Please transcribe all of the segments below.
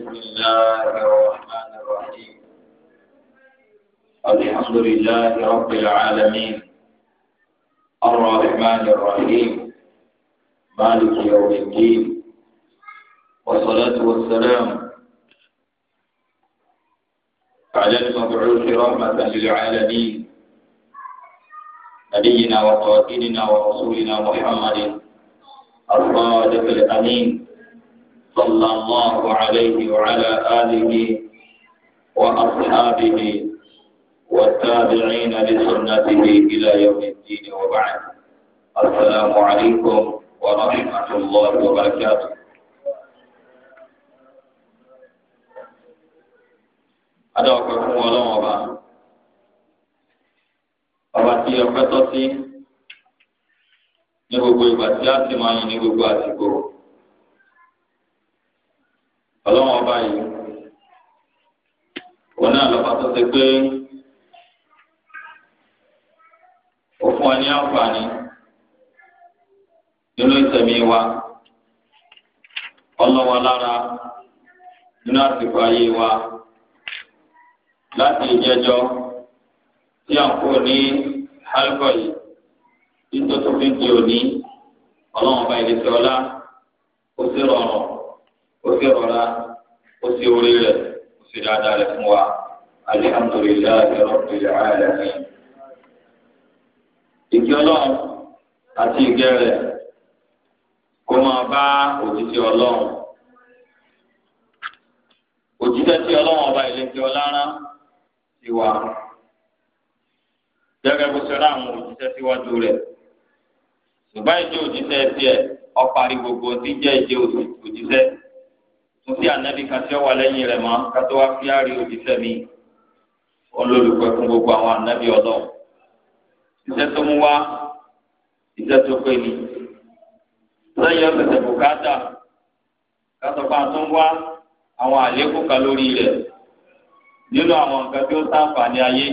بسم الله الرحمن الرحيم الحمد لله رب العالمين الرحمن الرحيم مالك يوم الدين والصلاة والسلام على المبعوث رحمة للعالمين نبينا وقاتلنا ورسولنا محمد الصادق الأمين صلى الله عليه وعلى آله وأصحابه والتابعين لسنته إلى يوم الدين وبعد السلام عليكم ورحمة الله وبركاته أدعوكم fún أبا ọba ọba tí ọpẹ́ ما sí ní ọlọ́wọ́n ọba yìí òun náà lọ́ba tó ṣe pé ó fún ọ ní àǹfààní nínú wa ọlọ́wọ́ lára nínú àsìkò ayé wa láti ìjẹjọ tí à ń kó ní hálùkọ yìí tí tó tó fi ń ọba ọlá ó sì ó sì rọra ó sì orí rẹ̀ ó sì dáadáa rẹ̀ fún wa alihamudulilayi rabbil alamin. ìkí ọlọ́run àti ìgẹ́ rẹ̀ kó máa bá òjíṣẹ́ ọlọ́run òjíṣẹ́ tí ọlọ́run ọba ìlẹ́jọ́ lára ti wà gẹ́gẹ́ bó ṣe rá àwọn òjíṣẹ́ síwájú rẹ̀ ṣùgbọ́n ìjẹ́ òjíṣẹ́ tiẹ̀ ọparí gbogbo tí jẹ́ ìjẹ́ òjíṣẹ́ kò sí ànábì kan tí ó wà lẹ́yìn rẹ̀ mọ́ kátó wá fi àárí òbíṣẹ́ mi olólùpẹ̀ fún gbogbo àwọn ànábì ọlọ́run iṣẹ́ tó mú wá iṣẹ́ tó pé ni lẹ́yìn ọ̀sẹ̀sẹ̀ bùkátà kátọ́pá tó ń wá àwọn àlékún kan lórí rẹ̀ nínú àwọn nǹkan tí ó ṣàǹfààní ayé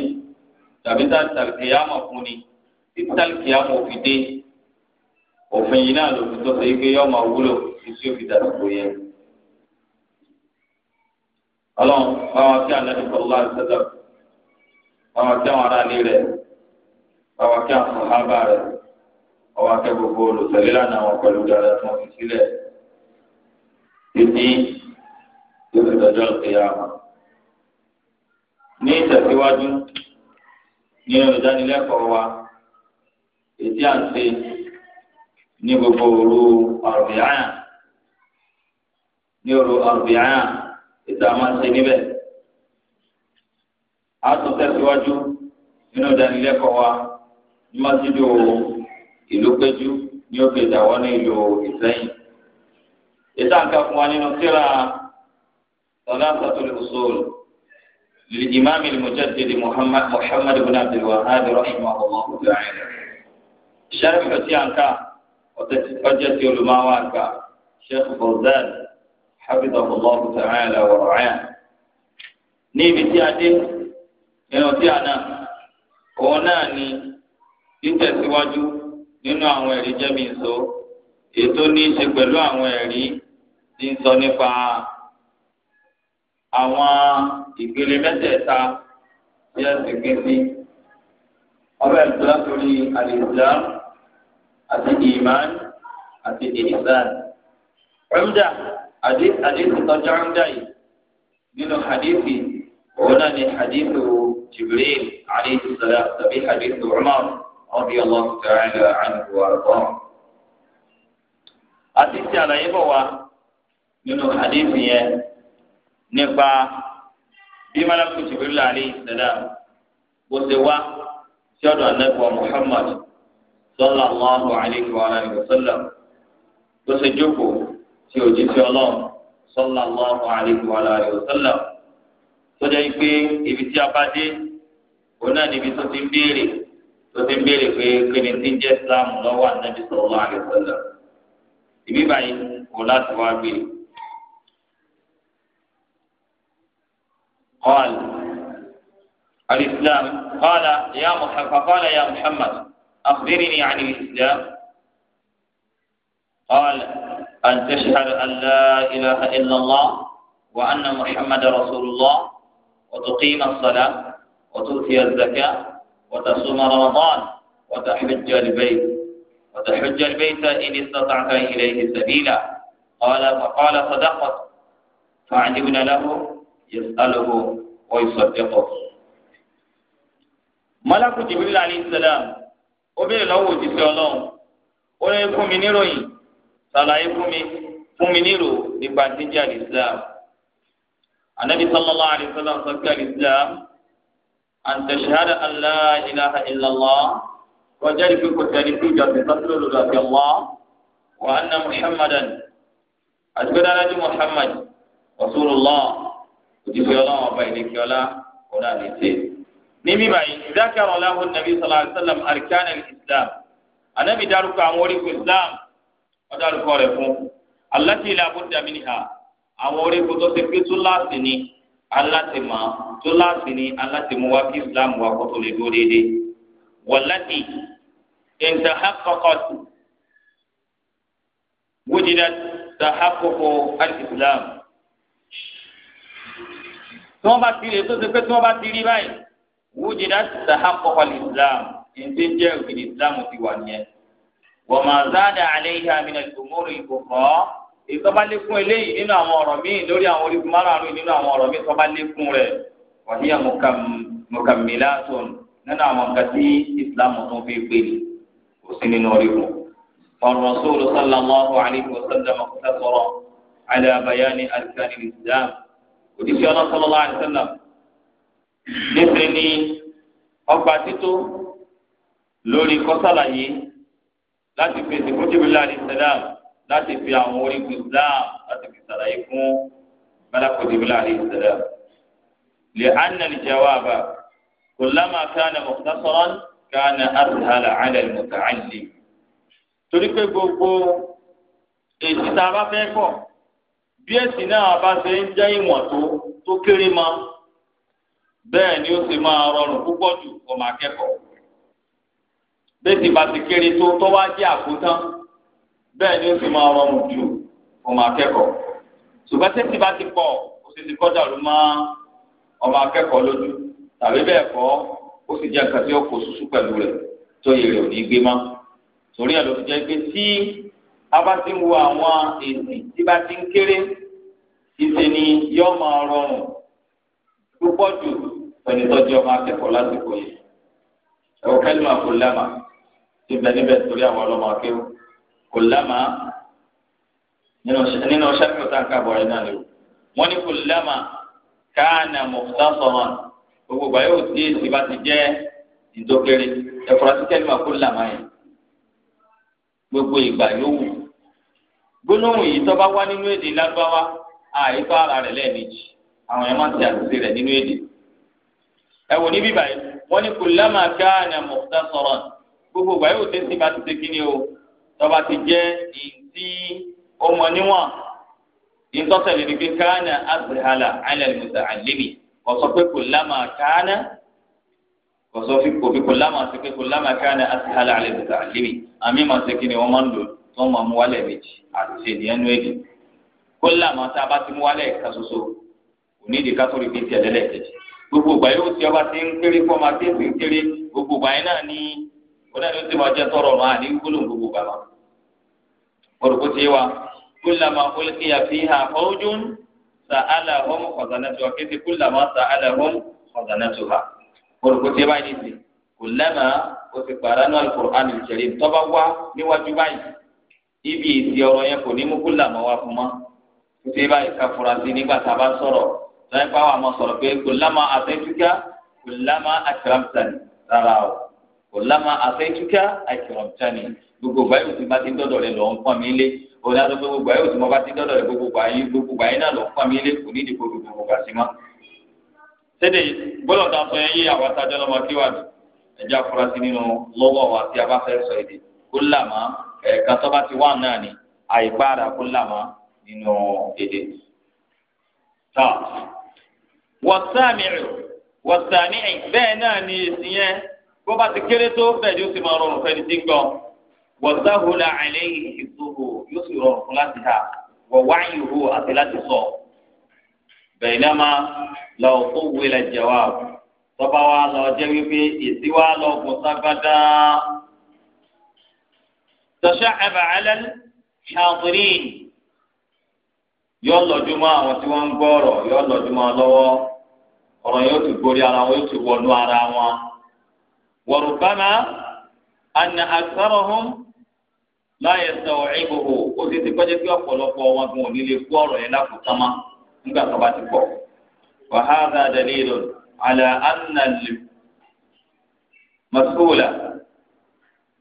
tàbí tàlùkìyàmọ̀ fún ni títí tàlùkìyàmọ̀ òfin dé òfin yìí náà lòfin tó ṣe é pé yọ́ọ́ máa wúlò títí òfin dàsìkò yẹn ọlọ́run báwa kí anabi sọlá ṣẹlẹ̀ báwa kí àwọn ará ilé rẹ̀ báwa kí àwọn ọ̀hábà rẹ̀ báwa kí gbogbo olùsọ̀lẹ́ lánàá wọn pẹ̀lú dáadáa tí wọ́n fi sílẹ̀ títí yóò fi dọjọ́ ìyá wọn. ní ìtẹ̀síwájú ní ìdánilẹ́kọ̀ọ́ wa ètí à ń ṣe ní gbogbo òru àrùbíáyà ní òru àrùbíáyà ìta máa ṣe níbẹ̀. a tún tẹ̀síwájú nínú ìdánilẹ́kọ̀ọ́ wa ní mọ́sídò ìlú péjú ní òkè ìdáwọ́ ní ìlú ìsẹ́yìn. ìta nǹkan fún wa nínú síra Salasatul Usul للإمام المجدد محمد محمد بن عبد الوهاب رحمه الله تعالى شرح سيانكا وتجسي علماء شيخ فوزان حفظه الله تعالى ورعاه níbi tí a dé nínú tí a náà òun náà ni títẹ̀síwájú nínú àwọn ẹ̀rí jẹ́mi ìṣó ètò ní í ṣe pẹ̀lú àwọn ẹ̀rí tí ń sọ nípa àwọn ìpele mẹ́tẹ̀ẹ̀ta tí a sì gbé sí ọbẹ̀ ìtura torí al-Islam àti ìmán àti ìsàn. Rẹ́mdà àdéhùn tọ́jú àńdá yìí nínú hadithi òun náà ni hadithu jibril alayhi salam tàbí hadithu umar radiyallahu ta'ala anhu wa rọ. àti ti àlàyé bọ̀ wá nínú hadithi yẹn eh, nípa bí malakú jibril alayhi bó ṣe wá sí ọ̀dọ̀ muhammad sallallahu alayhi wa sallam bó tí òjì sí ọlọ́run sọ́lá lọ́wọ́ àlejò aláàrẹ òsọ́lá tó jẹ́ pé ibi tí a bá dé òun náà níbi tó ti ń béèrè tó ti ń béèrè pé kíni tí ń jẹ́ islam lọ́wọ́ ànábi sọ́lá àlejò òsọ́lá ìbí báyìí kò láti wá gbé. قال الإسلام قال يا محمد فقال يا محمد أخبرني عن الإسلام قال أن تشهد أن لا إله إلا الله وأن محمد رسول الله وتقيم الصلاة وتؤتي الزكاة وتصوم رمضان وتحج البيت وتحج البيت إن استطعت إليه سبيلا قال فقال صدقت فعجبنا له يسأله ويصدقه ملك جبريل عليه السلام وبين له جبريل الله ولم من يروي ṣàlàyé fún mi fún mi nílò nípa jíjẹ́ àlìsílám anabi sallallahu alayhi wa sallam sọ pé àlìsílám an tashhada an la ilaha illallah kọjá ìpè kò tẹ̀lé fún ìjọsìn sọ́tún lòlù àti ọ̀wọ́ wa anna muhammadan àti pé dáadájú muhammad rasulullah òjìṣẹ́ ọlọ́run ọba ìdíkẹ́ ọlá ọ̀nà àlìsẹ́ níbí báyìí ìdákẹ́ ọ̀rọ̀ nàbí sallallahu alayhi wa sallam arkan anabi dárúkọ àwọn orígun islam ọdárúkọ rẹ̀ fún aláti ilẹ̀ abúdàmínì ha àwọn orígun tó ti pé túláàsì ni aláti mọ̀ túláàsì ni aláti mú wá kí islam wà kó tó lè dúró déédéé wàláti intahaqqaqat wujidat tahaqququ al tí wọ́n bá ti rí tó ti pé tí wọ́n bá ti rí báyìí wujidat tahaqququ al-islam òkè islam ti wà nìyẹn wa ma zada alayha min al-umuri al-ukhra èyí tó bá lékún eléyìí nínú àwọn ọ̀rọ̀ míì lórí àwọn orígun márùn-ún nínú àwọn ọ̀rọ̀ míì tó lékún rẹ̀ wa hiya mukammilatun nínú àwọn nǹkan tí islam tó fi gbé ni kò sí nínú orígun. والرسول صلى الله عليه وسلم اقتصر على بيان أركان الإسلام وديش صلى الله عليه وسلم nítorí ọgbà tító láti fèsì fún jìbìlá àdé sàlám láti fi àwọn orígun islam láti fi sàlàyé fún malakú jìbìlá àdé sàlám. lè anna lè jawaaba kullama kana mukhtasaran kana ashala ala al-muta'allim. torí pé gbogbo èsì tá a bá fẹ́ kọ̀ bí èsì náà bá ṣe ń jẹ́ ìwọ̀n tó tó kéré ma bẹ́ẹ̀ ni ó sì máa rọrùn púpọ̀ jù ọmọ akẹ́kọ̀ọ́ bẹ́ẹ̀ni bàtí kéré tó tó wá jẹ́ àkótán bẹ́ẹ̀ ni ó sì máa rọrùn jù ọmọ akẹ́kọ̀ọ́ ṣùgbọ́n tẹ́tí bá ti pọ̀ ó sì ti kọ́dà ló máa ọmọ akẹ́kọ̀ọ́ lójú tàbí bẹ́ẹ̀ kọ́ ó sì jẹ́ nǹkan tí ó kó susu pẹ̀lú rẹ̀ tó yẹ rẹ̀ ò ní gbé mọ́ torí ẹ̀ ló fi jẹ́ pé tí a bá ti ń wo àwọn èsì tí bá ti ń kéré ìṣe ni yóò máa rọrùn púpọ̀ jù pẹ̀lú tọ́jú ọmọ akẹ́kọ̀ọ́ lásìkò yìí ẹ̀wọ̀n kẹ́lí máa kó lẹ́màá ti bẹ níbẹ̀ torí àwọn ọlọ́mọ akéwò kò lámà nínú sẹ́kìrì tá a kábọ̀ rẹ̀ náà lè wò wọ́n ní kò lámà káànà mọ̀fútà sọ̀rọ̀ gbogbo ìgbà yóò tí èsì bá ti jẹ́ ìdókèrè ẹ̀fọ́rasí kẹ́lí máa kó lámà yẹn gbogbo ìgbà yóò wù gbólóhùn yìí tó bá wá nínú èdè lágbáwá àìkọ́ ara rẹ̀ lẹ́ẹ̀mejì àwọn yẹn máa ti àtúnṣe rẹ̀ nínú èdè ẹ wò ní bíbáyìí wọ́n ní kò lámà káànà mọ̀fútà sọ̀rọ̀ gbogbo ìgbà yóò tẹ́sí bá ti ṣe kíni o tọba ti jẹ́ ìdí ọmọ níwọ̀n ìtọ́sẹ̀lẹ̀ ní pé káànà azrihala alẹ́lùmùsà àlẹ́mì kò sọ pé kò lámà káànà kò sọ fi kò fi kò lámà sí pé kò lámà káànà azrihala alẹ́lùmùsà àlẹ́mì àmì màá ṣe kíni wọ́n máa ń lò tí máa mú wálẹ̀ méjì àti ṣèdí ẹnu èdè kó lámà tá a bá ti mú wálẹ̀ ẹ̀ka ṣoṣo kò ní ìdí ká gbogbo ìgbà yóò ti ọba ti ń kéré fọ́ọ̀mà tí ń kéré gbogbo ìgbà yẹn náà ní kódà ló ti máa jẹ́ tọrọ máa ní gbólóhùn gbogbo bàbá orúkọ tí wa kúlàmà olùkíyà fi hà fọ́jún sa àlà hóm ọ̀zánátù wa kéde kúlàmà sa àlà hóm ọ̀zánátù wa orúkọ tí wa yìí ti kúlàmà o ti pàrọ̀ náà alukur'an ìṣẹ̀lẹ̀ tọ́ba wá níwájú báyìí ibi ìsì ọ̀rọ̀ yẹn kò ní mú kúlàmà wa fún ma o báyìí ká furasí nígbà tá a bá sọ̀rọ̀ lọ́yìn pàwọn àmọ́ sọ̀rọ̀ pé kúlàmà àtẹ́tùkà ọ̀làmà àfẹ́túkà àìkìrọ̀tánì gbogbo gbà yóò ti bá ti dọ́dọ̀ rẹ lọ ń pọ́n mi lé òun àti gbogbo gbà yóò ti mọ bá ti dọ́dọ̀ rẹ gbogbo gbà yín gbogbo gbà yín náà lọ ń pọ́n mi lé kò ní ìdìbò gbogbo gbà sí mọ́. sédè gbọ́dọ̀ tá a sọ yẹn yí àwọn atajọ́ lọ́mọ kí wàá ẹ̀jẹ̀ afurasí nínú lọ́wọ́ wa tí a bá fẹ́ sọ èdè kó làmà tó bá ti wà náà ni àìpáàrà kó nínú èdè. wọ́n sáàmì bó bá ti kéré tó bẹ́ẹ̀ ni ti máa rọrùn fẹ́ni tí ń gbọ́ wọ́sáhù la àlẹ́ ìṣòro yóò sì rọrùn fún láti ha wọ́n àti láti sọ. lọ tó wílẹ̀ jẹ̀wá wa lọ jẹ́ wípé èsì wa lọ gùn yóò àwọn tí wọ́n ń gbọ́ ọ̀rọ̀ yóò lọ́wọ́ ọ̀rọ̀ yóò wọ̀rùbámá àna àgbàrọ̀hún láyé sọ̀rọ̀ ìbòho ó ti ti kọjá pé ọ̀pọ̀lọpọ̀ wọn kò ti وهذا دليل على أن المسؤول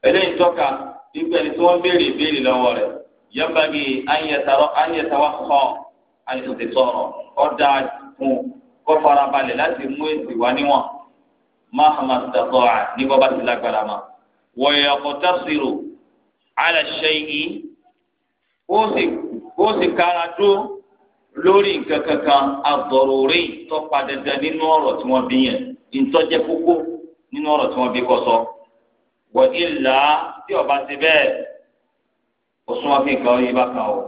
eléyìí tọ́ka nígbà tí wọ́n béèrè ìbéèrè lọ́wọ́ rẹ̀ yẹ́nbàgì ayẹ̀tàwá kọ́ àìsàn ti sọ̀rọ̀ kọ́ mahama sọ̀tọ̀ à ní bọ́ba ti lágbára ma wọ̀nyẹ̀ ọ̀kọ̀tà sírò aláṣẹ yìí ó sì ó sì kára dúró lórí nǹkan kankan àgbọ̀rọ̀rẹ́ tọ́pa dandan nínú ọ̀rọ̀ tí wọ́n bí yẹn ìtọ́jẹ́ kókó nínú ọ̀rọ̀ tí wọ́n bí kọ́ sọ wọ ilà tí ọba ti bẹ́ẹ̀ ó sún wọn kí nǹkan yìí bá kà ó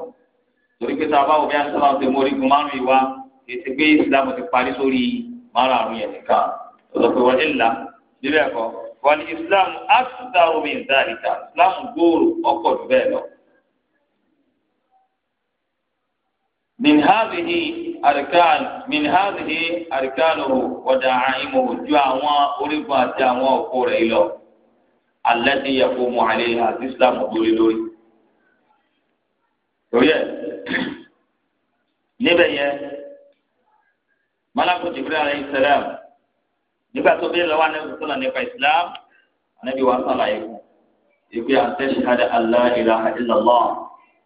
torí pé sábà wo bí sábà ń mórí gun márùn-ún yìí wá ètò ìsìlámù ti parí sórí márùn-ún yẹn nìkan ọlọ́pẹ́ wọn ìlà bíbẹ̀ kọ́ wọn ni islam asuta omi ìdáríkà islam gbòòrò ọkọ̀ jù bẹ́ẹ̀ lọ. min hadhihi arkan min hadhihi arkanuhu wa da'imuhu ju àwọn orígun àti àwọn òkú rẹ̀ lọ alladhi yaqumu alayha àti islam gbòòrò lórí. torí níbẹ̀ yẹn malakú jibril alayhi nígbà tó bí lọ́wọ́ anábì sọ̀rọ̀ nípa islam anábì wa sọ̀rọ̀ àyè fún ìgbé àti ṣahada allah ilaha illallah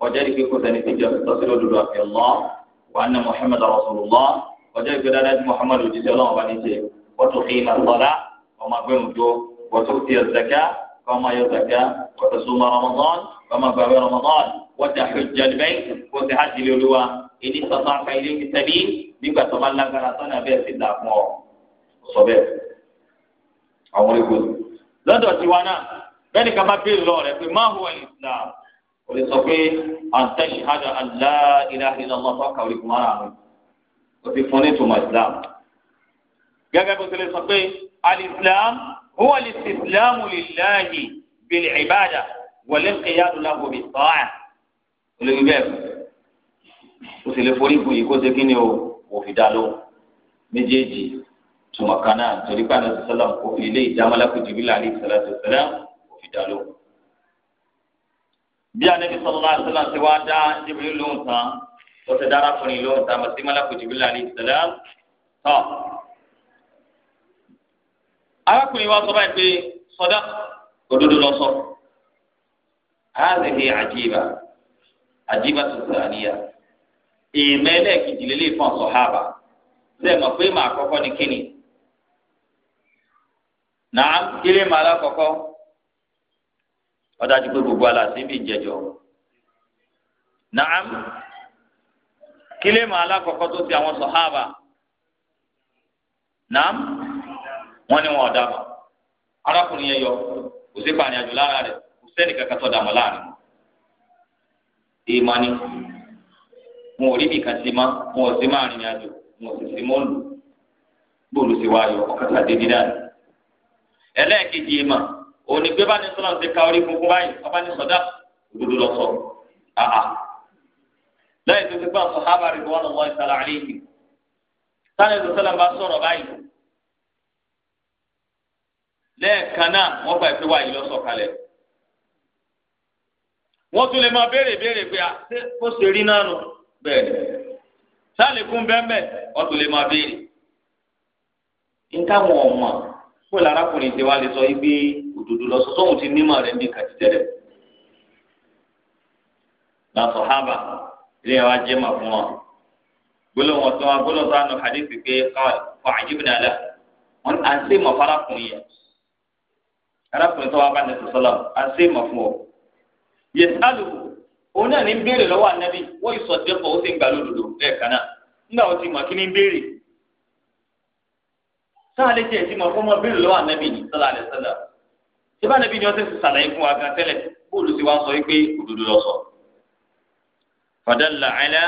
ọjọ́ ìgbé kó sani fíjọ tọ́sí lódodo àfi allah wa anna muhammad rasulullah ọjọ́ ìgbé dáadáa ti muhammad òjijì ọlọ́wọ́ bá ní ṣe wọ́tò ìmà sọ̀rọ̀ ọmọ agbẹ́ mùtó wọ́tò fi ọ̀zàká kọ́mọ ayọ̀ zàká wọ́tò súnmọ́ ramadan kọ́mọ agbẹ́ ramadan wọ́tò àfẹ́jọ́ ìbẹ́yìn kó ti hajj lé ìdí sọ̀tàn àfẹ́ ilé ìtẹ̀bí nígbà tó bá lágbára sọ́nà bẹ́ẹ̀ sì dà fún ọ sọ bẹ́ẹ̀ àwọn egbò lọ́dọ̀ tiwa náà bẹ́ẹ̀ ni ká bá béèrè lọ rẹ̀ pé máa hùwà islam o lè sọ pé àǹtẹ̀ ṣahada alá ilá ilá ọmọ fún akàwé kùmá rà rẹ̀ o ti fún ní tòmọ̀ islam gẹ́gẹ́ bó ti lè sọ pé alìsílám huwa alìsílámù lillahi bil ibada wọlé kéyàdù láhùn bí o lè wí bẹ́ẹ̀ o sì forí fún yìí kó ṣe kí ni o kò dá lóhùn méjèèjì tuma kan náà torí pé àdàtú sọlá kò fi ilé ìdámọ́lákù jìbìlá àlè ìsọlá tó sọlá kò fi dá lóhùn. bí anabi sọlá sọlá ti wá dá jìbìlí lóhùn tán ó ti dára fún ni lóhùn tán àti mọ́lákù jìbìlá àlè ìsọlá tán. arákùnrin wa sọ báyìí pé sọdá òdodo lọ sọ. هذه عجيبة عجيبة الثانية إيمانك جللي فان صحابة زي ما في مع كوكوني كيني náà kílé màlá kọ̀kọ́ ọ̀dájú pé gbogbo aláṣẹ bí jẹjọ náà kílé màlá kọ̀kọ́ tó ti àwọn sọ̀hábà náà wọ́n ní wọn ọ̀dà mọ́ arákùnrin yẹn yọ kò sí pàrin àjò lára rẹ̀ kò sẹ́ni kankan tó dàmọ́ láàrin ìmọ̀ ni wọn ò rí nìkan sí ma wọn ò sí máa rìnrìn àjò ò sì sí mọ́ bóòlù sí wáyọ ọ̀kadà dédé dáadáa ẹlẹ́ẹ̀kejì ìmọ̀ òní pé bá ní sọ́nà ti ka orí funfun báyìí ọba ní sọ́dá òdodo lọ sọ àhà lẹ́yìn tó ti gbọ́n sọ hábàrì wọn lọ́wọ́ ìsàlẹ̀ àlẹ́yìn sani ìlú sọ́nà bá sọ̀rọ̀ báyìí lẹ́ẹ̀kan náà wọ́n fà ìpéwà yìí lọ sọ̀kalẹ̀ wọ́n tún lè máa béèrè béèrè pé ó ṣe rí náà nù bẹ́ẹ̀ sáàlì kún bẹ́ẹ̀ wọ́n tún lè máa béèrè kó larakùnrin tí wàá lè sọ yí pé òdodo lọ sọ́sọ́hún ti nímọ̀ rẹ̀ ní kàtí tẹ́lẹ̀. làtọ̀ hábà ilé wa jẹ́ mà fún wọn. gbólóhùn ọ̀tún wa gbólóhùn tó ànú hadithi pé kọ́ àjíbìnrin àlẹ́ wọn à ń sè mọ̀ farakùnrin yẹn. arákùnrin tó wà bá nẹ̀sọ̀ sọ́lá à ń sè mọ̀ fún ọ. yẹ sálù òun náà ní béèrè lọ́wọ́ ànábì wọ́n ìsọ̀dẹ́pọ̀ ó sì ń gbà lódodo lẹ́ẹ̀kan náà nígbà wọn ti mọ̀ kí ní béèrè sáà lè tẹ̀ ẹ̀sìn mọ̀ fún ọmọ bíi lọ́wọ́ ànábì ní sọ́lá àlẹ́ sọ́lá ṣébà ànábì ni wọ́n ti sàlàyé fún wa gan tẹ́lẹ̀ bóòlù ti wá sọ wípé òdodo lọ sọ. fàdánlá àìlá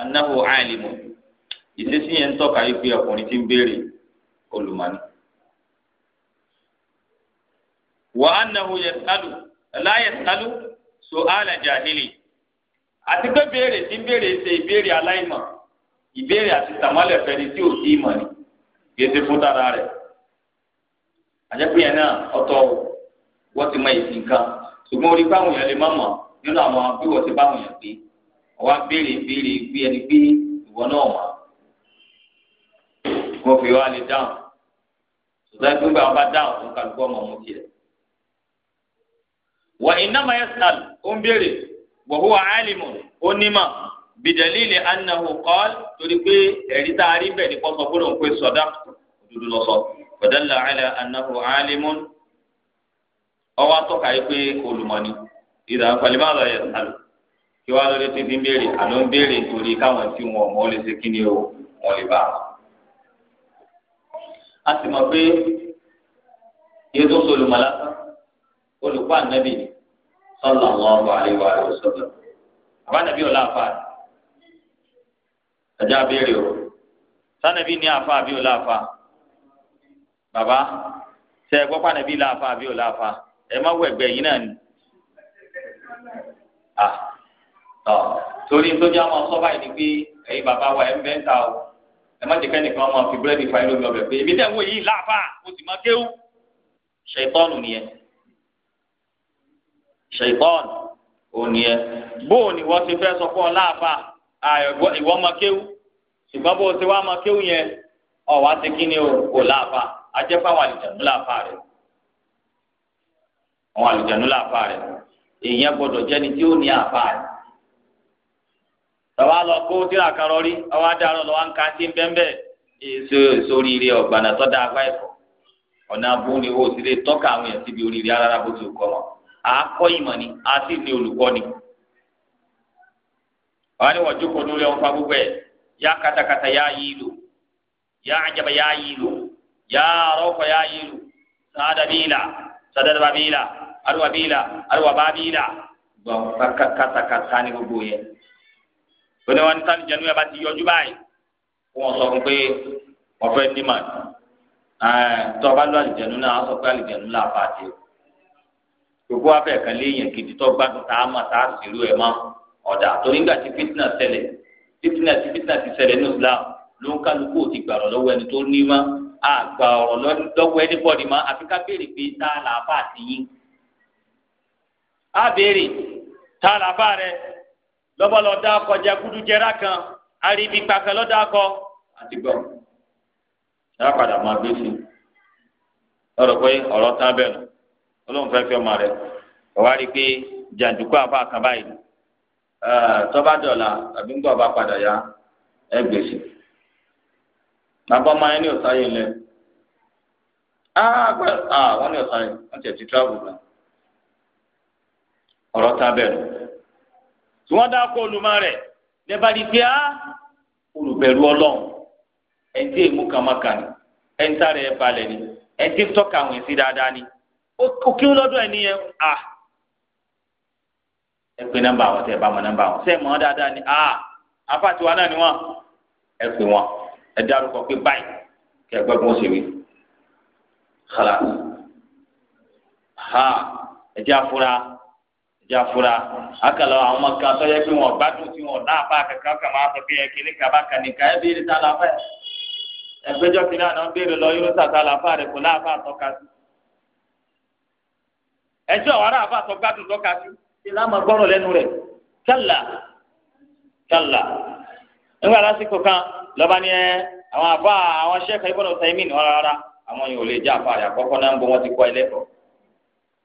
anáhù àìlímọ̀ ìṣesí yẹn ń tọ́ka wípé ọkùnrin ti ń béèrè olùmọ̀ni. wà á nàhù yẹsàlù láyẹsàlù sọ àlàjà nílì àti pé béèrè ti ń béèrè ṣe ìbéèrè aláìmọ̀ ìbéèrè àti tàmọ́lẹ̀ fẹ́ni tí ò sí ìmọ̀ ni yéésì fún tara rẹ̀ àjẹpẹ́yẹ náà ọ̀tọ̀ wọ́n ti mọ èsì nǹkan ṣùgbọ́n orí báwọn yẹn lè má mọ̀ nínú àwọn bí wọ́n ti báwọn yẹn gbé ọwọ́ béèrè béèrè gbé ẹni gbé ìwọ náà mọ̀ kó fi wá lè dáhùn ṣùgbọ́n ẹgbẹ́ gbà wọn bá dáhùn fún kálukú ọmọ ọmọ tiẹ̀. wà iná máa ó ń béèrè wọ̀húwà áìlìmù ó ní mà bìdẹ̀lìlì anahu kọ́l torí pé ẹ̀rí tá a rí bẹ̀ ní kọ́sọ̀ kó lóun pé sọ̀dá dúdú lọ sọ ọ̀dàlà àlẹ́ anahu alimun ọwọ́ atọ́ka yìí pé olùmọ̀ni ìdá pàlímàlọ́ yẹ sàlù kí wàá lórí títí ń béèrè àló ń béèrè nítorí káwọn tí wọn mọ̀ lè ṣe kí o wọn lè bá a sì mọ̀ pé iye tó ń sọ olùmọ̀ lásán olùkọ́ ànábì sọ́lá ọ̀hún àríwá rẹ̀ sọ́lá àbánábì ọ̀la àfáà ẹjẹ abéèrè o sanabi ní afa àbí ò láfa bàbá sẹ gbọ́ pànàbí láfa àbí ò láfa ẹ má wọ ẹgbẹ́ yìí náà ni à ọ torí nítorí àwọn sọ́ba yìí ni pé ẹ̀yin bàbá wa ẹ̀ ń bẹ́ ń ta o ẹ má jẹ́ kẹ́nìkan ọmọ fi búrẹ́dì fa ìlú mi ọbẹ̀ pé èmi tẹ̀ ń wò yìí láfa mo sì máa kéwù ṣètọ́nù nìyẹn ṣètọ́nù ò nìyẹn bóò ni wọ́n ti fẹ́ sọ fún ọ láàfáà ìwọ ọmọ kéwù ṣùgbọ́n bó o ti wá ọmọ kéwù yẹn ọ̀wá ti kí ni o láàfà ajẹ́pàwọ̀ àlùjẹ̀nu láàfà rẹ̀ àwọn àlùjẹ̀nu láàfà rẹ̀ èèyàn gbọ́dọ̀ jẹ́ni tí ó ní àfà rẹ̀ tọ́wọ́ lọ kó tíra kan rọrí ọwọ́ adarọ̀ lọ́wọ́ ń ka sí bẹ́ẹ̀ èso èso oríire ọ̀gbànà tọ́da agbá ẹ̀fọ́ ọ̀nà abúlé wo ti lè tọ́ka àwọn èèyàn síbi oríire arára bó ti kọ́ wọn àákọ́ ìmọ̀ ni àá sì ní olùkọ́ ni wàá ní wọn jókòó lórí ọ̀nfà gbogbo ẹ̀ yá katakata yá yílu yá ajaba yá yílu yá rọ́kọ̀ yá yílu sáadà bíìlà sádàdàbà bíìlà arúgbà bíìlà arúgbà bá bíìlà gbọ̀n katakata ní gbogbo yẹ. lónìí wọn ní sani jẹnu yẹn bá ti yọjú báyìí wọn sọ fún pé wọn fẹ́ ní màá tọ́ bá lọ àlìjẹ̀nu náà á sọ pé àlìjẹ̀nu náà fà gbogbo abẹ́ léèyàn gidi tó gbádùn tá a mọ̀ tá a sì ọ̀dà torí ńgbà tí fitna fitna tí fitna ti ṣẹlẹ̀ ní islam ló ń kálukú òtí ẹni tó ní mọ́ àgbà ẹni bọ́ọ̀dì mọ́ àfi ká béèrè pé tá rẹ lọ́bọ̀ lọ dá jẹ kan akọ àti gbọ́. padà máa gbé sí lọ́dọ̀ pé ọ̀rọ̀ tán fẹ́ fi ọmọ ọ̀wá rí i pé jàǹdùkú àbá Eh, tọ́ba dọ̀la tàbí ń gbọ́ ọba padà ya ẹ gbèsè bàbá ọmọ yẹn ní ọ̀sáyé ńlẹ̀ ah, ah, wọ́n ní ọ̀sáyé wọ́n tiẹ̀ ti travel gan ọ̀rọ̀ tá bẹ̀rù tí wọ́n dá kó olùmọ̀ rẹ̀ lẹ́bàá di pé á ah, olùbẹ̀rù ọlọ́run balẹ̀ tọ́ka dáadáa ẹ̀ ẹ pé nọ́mbà wọn tẹ ẹ bá mọ nọ́mbà wọn ṣé ẹ dáadáa ni aa afa tiwa náà ni wọn ẹ pè wọn ẹ dárúkọ pé báyìí kẹ ẹ gbẹgbọn ṣe wí xala ha ẹ jẹ afura ẹ jẹ afura akala àwọn ọmọ kan tó yẹ pé wọn gbádùn tí wọn náà bá kankan kan máa sọ pé ẹ kiri kaba kan nìkan ẹ bí ẹ ta fẹ ẹgbẹjọ kìíní àná ń béèrè lọ yóò tàtà làáfà rẹ kò láàfà tọ́ka sí ẹjọ àwọn aráàfà tó gbádùn tọ́ka sí ṣe láàmú gbọ́rọ̀ lẹ́nu rẹ̀ kálá kálá nígbà lásìkò kan lọ́ba ni ẹ àwọn àbá àwọn sẹ́ẹ̀kì ibùdó taimin wọn rárá àwọn yòó lè já àfàrẹ àkọ́kọ́ náà ń bọ́ wọn ti kọ́ ẹlẹ́kọ̀ọ́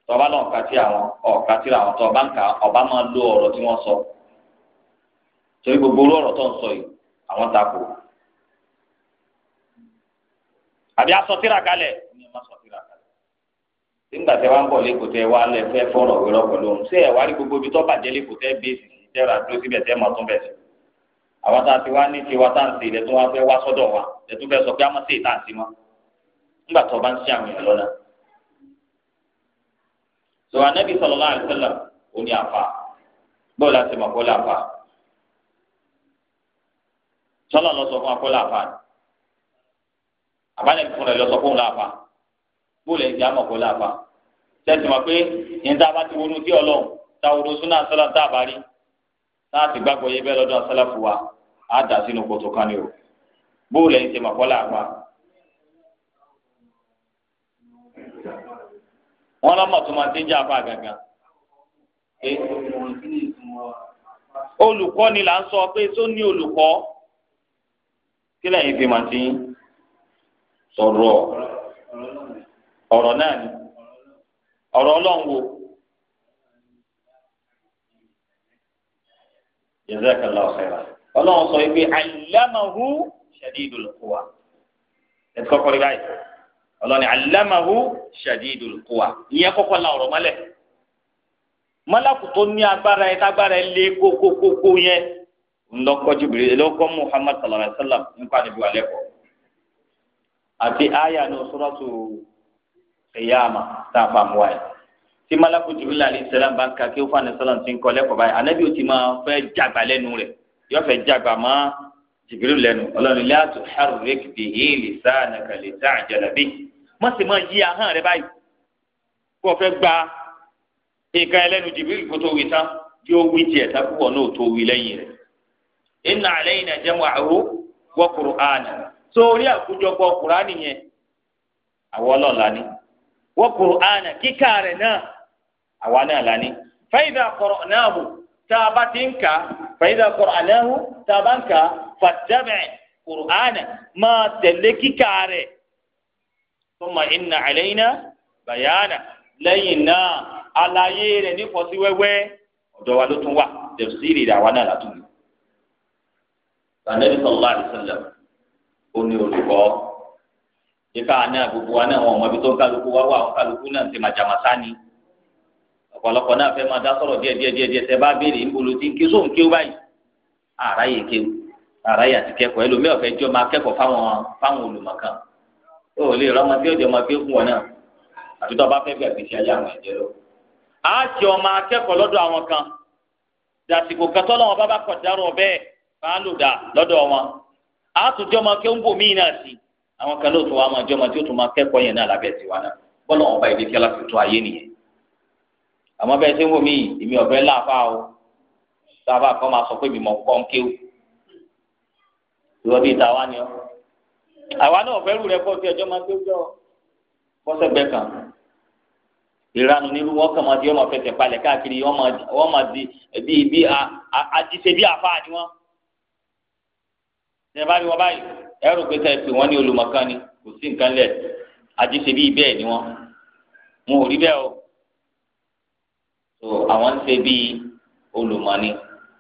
tọ́ba náà kà sí àwọn ọ̀kà síra àwọn tọ́ba ń kà ọba máa lo ọ̀rọ̀ tí wọ́n sọ torí gbogbo orú ọ̀rọ̀ tó ń sọ yìí àwọn takò àbí asọ̀tìrà kalẹ̀ ní ọmọ asọ̀tìrà kalẹ̀ nígbà tẹ wá ń bọ̀ lẹ́kọ̀ọ́ tẹ wá lẹ fẹ́ fọ̀rọ̀ wérọ̀ pẹ̀lú òun ṣé ẹ̀ wá rí gbogbo ibi tó bàjẹ́ lẹ́kọ̀ọ́ tẹ bẹ́ẹ̀sì tẹ ra dúró síbẹ̀ tẹ mọ̀ tún bẹ̀ sí. àwọn tá a ti wá ní tiwa tá à ń ṣe ilẹ̀ tó wá fẹ́ wá sọ́dọ̀ wa ilẹ̀ tó fẹ́ sọ pé a máa ṣe ìta àti mọ́ nígbà tó bá ń ṣe àwọn èèyàn lọ́nà. sọ anábì sallallahu alaihi wasallam ó ní àfa bọ́ọ̀lù àti mọ̀kọ́ làfa sọ́lá lọ sọ fún akọ́ làfa àbálẹ̀ fún rẹ̀ lọ sọ fún làfa. bóòlù ẹ̀jẹ̀ làbà ma pé a bá ti wọnú tí ọlọ́run tá wọnú súnà sọlá tá a bá rí náà ti gbàgbọ́ yẹ bẹ́ẹ̀ lọ́dọ̀ sálàfù wa á dà sínú kòtò kan ní o bóòlù ẹ̀jẹ̀ mọ̀kọ́ làbà. wọn máa ti ń àbá olùkọ́ ni là ń sọ pé tó ọ̀rọ̀ náà ni ọ̀rọ̀ ọlọ́run wo. jazakallahu khairan ọlọ́run sọ wípé allamahu shadidul quwa ẹ̀sìn kọ́kọ́ rí báyìí ọlọ́ni allamahu shadidul quwa ìyẹn kọ́kọ́ la ọ̀rọ̀ mọ́lẹ̀ mọ́lákù tó ní agbára yẹn tágbára yẹn lé kókókókó yẹn ńlọkọ Jibril lọkọ Muhammad sallallahu alaihi wasallam nípa níbi wàlẹ́kọ̀ọ́ àti aya ní suratu kẹyàmà tá a fàmù wáyé tí malaku jibril alayhi salam bá ń ka kí ó fani sọlọ ti ń kọ lẹ́kọ̀ọ́ báyìí anabi ó ti máa fẹ́ jàgbà lẹ́nu rẹ̀ yọ fẹ́ jàgbà mọ́ jibril lẹ́nu ọlọ́run la tuharrik bihi lisanaka lita'jala bihi má sì máa yí ahọ́n rẹ̀ báyìí kó o fẹ́ gba nǹkan ẹlẹ́nu jibril kó tó wí tán yóò wí tiẹ̀ tá púpọ̀ náà tó wí lẹ́yìn rẹ̀ inna alayna jam'ahu wa qur'ana sórí àkójọpọ̀ kùránì yẹn àwọn ọlọ́ọ̀la ni wa Qur'ana kíkà rẹ̀ náà àwa náà lání fa idha qara'nahu tá a bá ti ń kà fa idha qara'nahu tá a bá ń kà fattabi' Qur'ana máa tẹ̀lé kíkà rẹ̀ thumma inna alayna bayana lẹ́yìn náà àlàyé rẹ̀ nífọ̀sí wẹ́wẹ́ ọ̀dọ̀ wa ló tún wà tẹ̀síìrì rẹ̀ àwa náà látún. Sànẹ́bí sallallahu alaihi wasallam ó ní olùkọ́. Jika hanya gbogbo wa náà wọn ọmọ ibi tó ń kálukú wá wà àwọn kálukú náà ti màjàmásá ni ọ̀pọ̀lọpọ̀ náà fẹ́ dia dia sọ̀rọ̀ díẹ̀ díẹ̀ díẹ̀ díẹ̀ tẹ́ bá béèrè ń bolo arai ń ké sóhun kéwú báyìí àráyè kéwú àráyè àti kẹ́kọ̀ọ́ ẹlòmíràn fẹ́ jọ máa kẹ́kọ̀ọ́ fáwọn fáwọn olùmọ̀kan ó lè rọ́mọ tí ó jẹ́ máa kéwú wọn náà àti tó bá fẹ́ gbà gbèsè ayé àwọn ẹ̀jẹ̀ lọ. a jọ máa kẹ́kọ̀ọ́ lọ́dọ̀ àwọn kan dàsìkò kan tọ́lọ́ wọn bá bá kọ̀ dárò a tún jọ máa kéwú bòmíì náà àwọn kan lóòótọ́ wa máa jọmọ tí ó tún máa kẹ́kọ̀ọ́ yẹn náà lábẹ́ tiwa náà bọ́lá wọn bá ibi kí aláfi tó ayé nìyẹn àmọ́ bẹ́ẹ̀ ṣé ń wò mí èmi ọ̀fẹ́ láàfà o láàfà kan máa sọ pé mi kọ́ ń kéwù ìwọ bíi tàwa ni ọ àwa náà ọ̀fẹ́ rú rẹ kọ́ tí ẹjọ́ máa tó jọ bọ́sẹ̀gbẹ́ kan ìranu nílùú wọn kàn máa di ọmọ fẹsẹ̀ palẹ̀ káàkiri wọn máa di bíi bíi àdìsẹ́ bíi àfáà ni wọn ṣẹ̀ bá rí wọn báyìí. ẹrù pé táyì pé wọ́n ní olùmọ̀kánni kò sí nǹkan lẹ̀ bíi bẹ́ẹ̀ ni wọ́n o tó àwọn ń ṣe bíi olùmọ̀ni